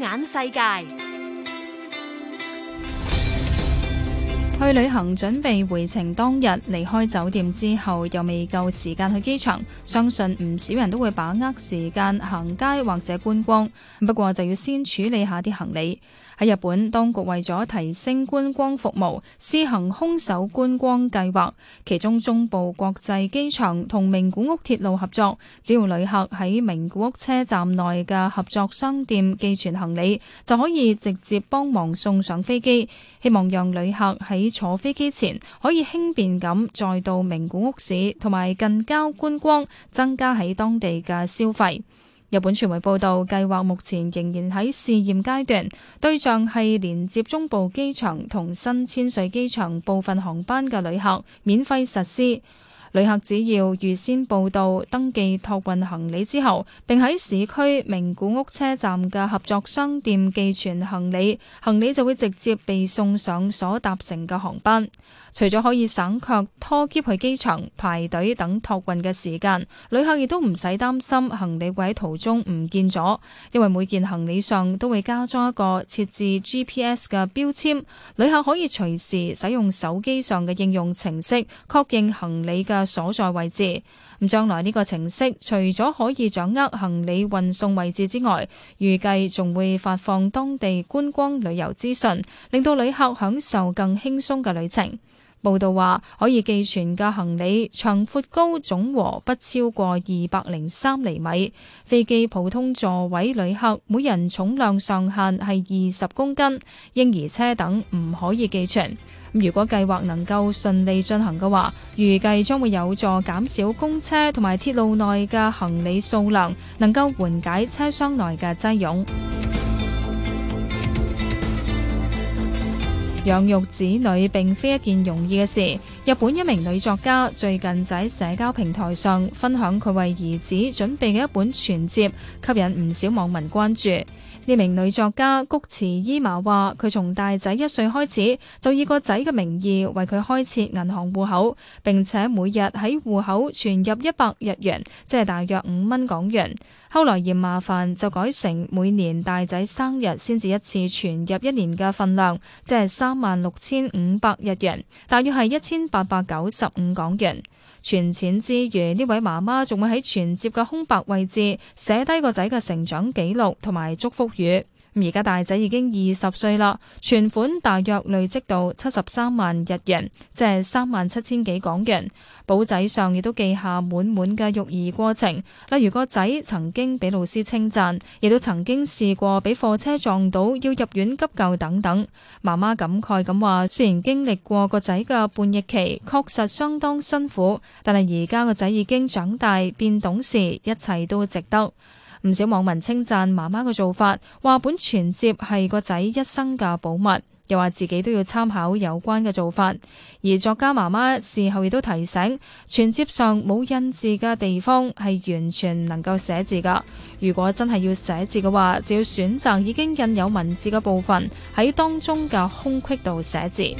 眼世界去旅行，準備回程當日離開酒店之後，又未夠時間去機場，相信唔少人都會把握時間行街或者觀光。不過就要先處理下啲行李。喺日本，當局為咗提升觀光服務，試行空手觀光計劃。其中，中部國際機場同名古屋鐵路合作，只要旅客喺名古屋車站內嘅合作商店寄存行李，就可以直接幫忙送上飛機。希望讓旅客喺坐飛機前可以輕便咁再到名古屋市同埋近郊觀光，增加喺當地嘅消費。日本傳媒報道，計劃目前仍然喺試驗階段，對象係連接中部機場同新千歲機場部分航班嘅旅客，免費實施。旅客只要預先報到、登記託運行李之後，並喺市區名古屋車站嘅合作商店寄存行李，行李就會直接被送上所搭乘嘅航班。除咗可以省卻拖箧去機場排隊等託運嘅時間，旅客亦都唔使擔心行李會喺途中唔見咗，因為每件行李上都會加裝一個設置 GPS 嘅標籤，旅客可以隨時使用手機上嘅應用程式確認行李嘅。所在位置咁，將來呢個程式除咗可以掌握行李運送位置之外，預計仲會發放當地觀光旅遊資訊，令到旅客享受更輕鬆嘅旅程。報道話，可以寄存嘅行李長、闊、高總和不超過二百零三厘米。飛機普通座位旅客每人重量上限係二十公斤，嬰兒車等唔可以寄存。咁如果計劃能夠順利進行嘅話，預計將會有助減少公車同埋鐵路內嘅行李數量，能夠緩解車廂內嘅擠擁。養育子女並非一件容易嘅事。日本一名女作家最近喺社交平台上分享佢為兒子準備嘅一本存摺，吸引唔少網民關注。呢名女作家谷池伊瑪話：佢從大仔一歲開始，就以個仔嘅名義為佢開設銀行戶口，並且每日喺戶口存入一百日元，即係大約五蚊港元。後來嫌麻煩，就改成每年大仔生日先至一次存入一年嘅份量，即係三萬六千五百日元，大約係一千。八百九十五港元，存錢之餘，呢位媽媽仲會喺存摺嘅空白位置寫低個仔嘅成長記錄同埋祝福語。而家大仔已經二十歲啦，存款大約累積到七十三萬日元，即係三萬七千幾港元。簿仔上亦都記下滿滿嘅育兒過程，例如個仔曾經俾老師稱讚，亦都曾經試過俾貨車撞到要入院急救等等。媽媽感慨咁話：雖然經歷過個仔嘅叛逆期，確實相當辛苦，但係而家個仔已經長大變懂事，一切都值得。唔少網民稱讚媽媽嘅做法，話本存摺係個仔一生嘅寶物，又話自己都要參考有關嘅做法。而作家媽媽事後亦都提醒，存摺上冇印字嘅地方係完全能夠寫字㗎。如果真係要寫字嘅話，就要選擇已經印有文字嘅部分，喺當中嘅空隙度寫字。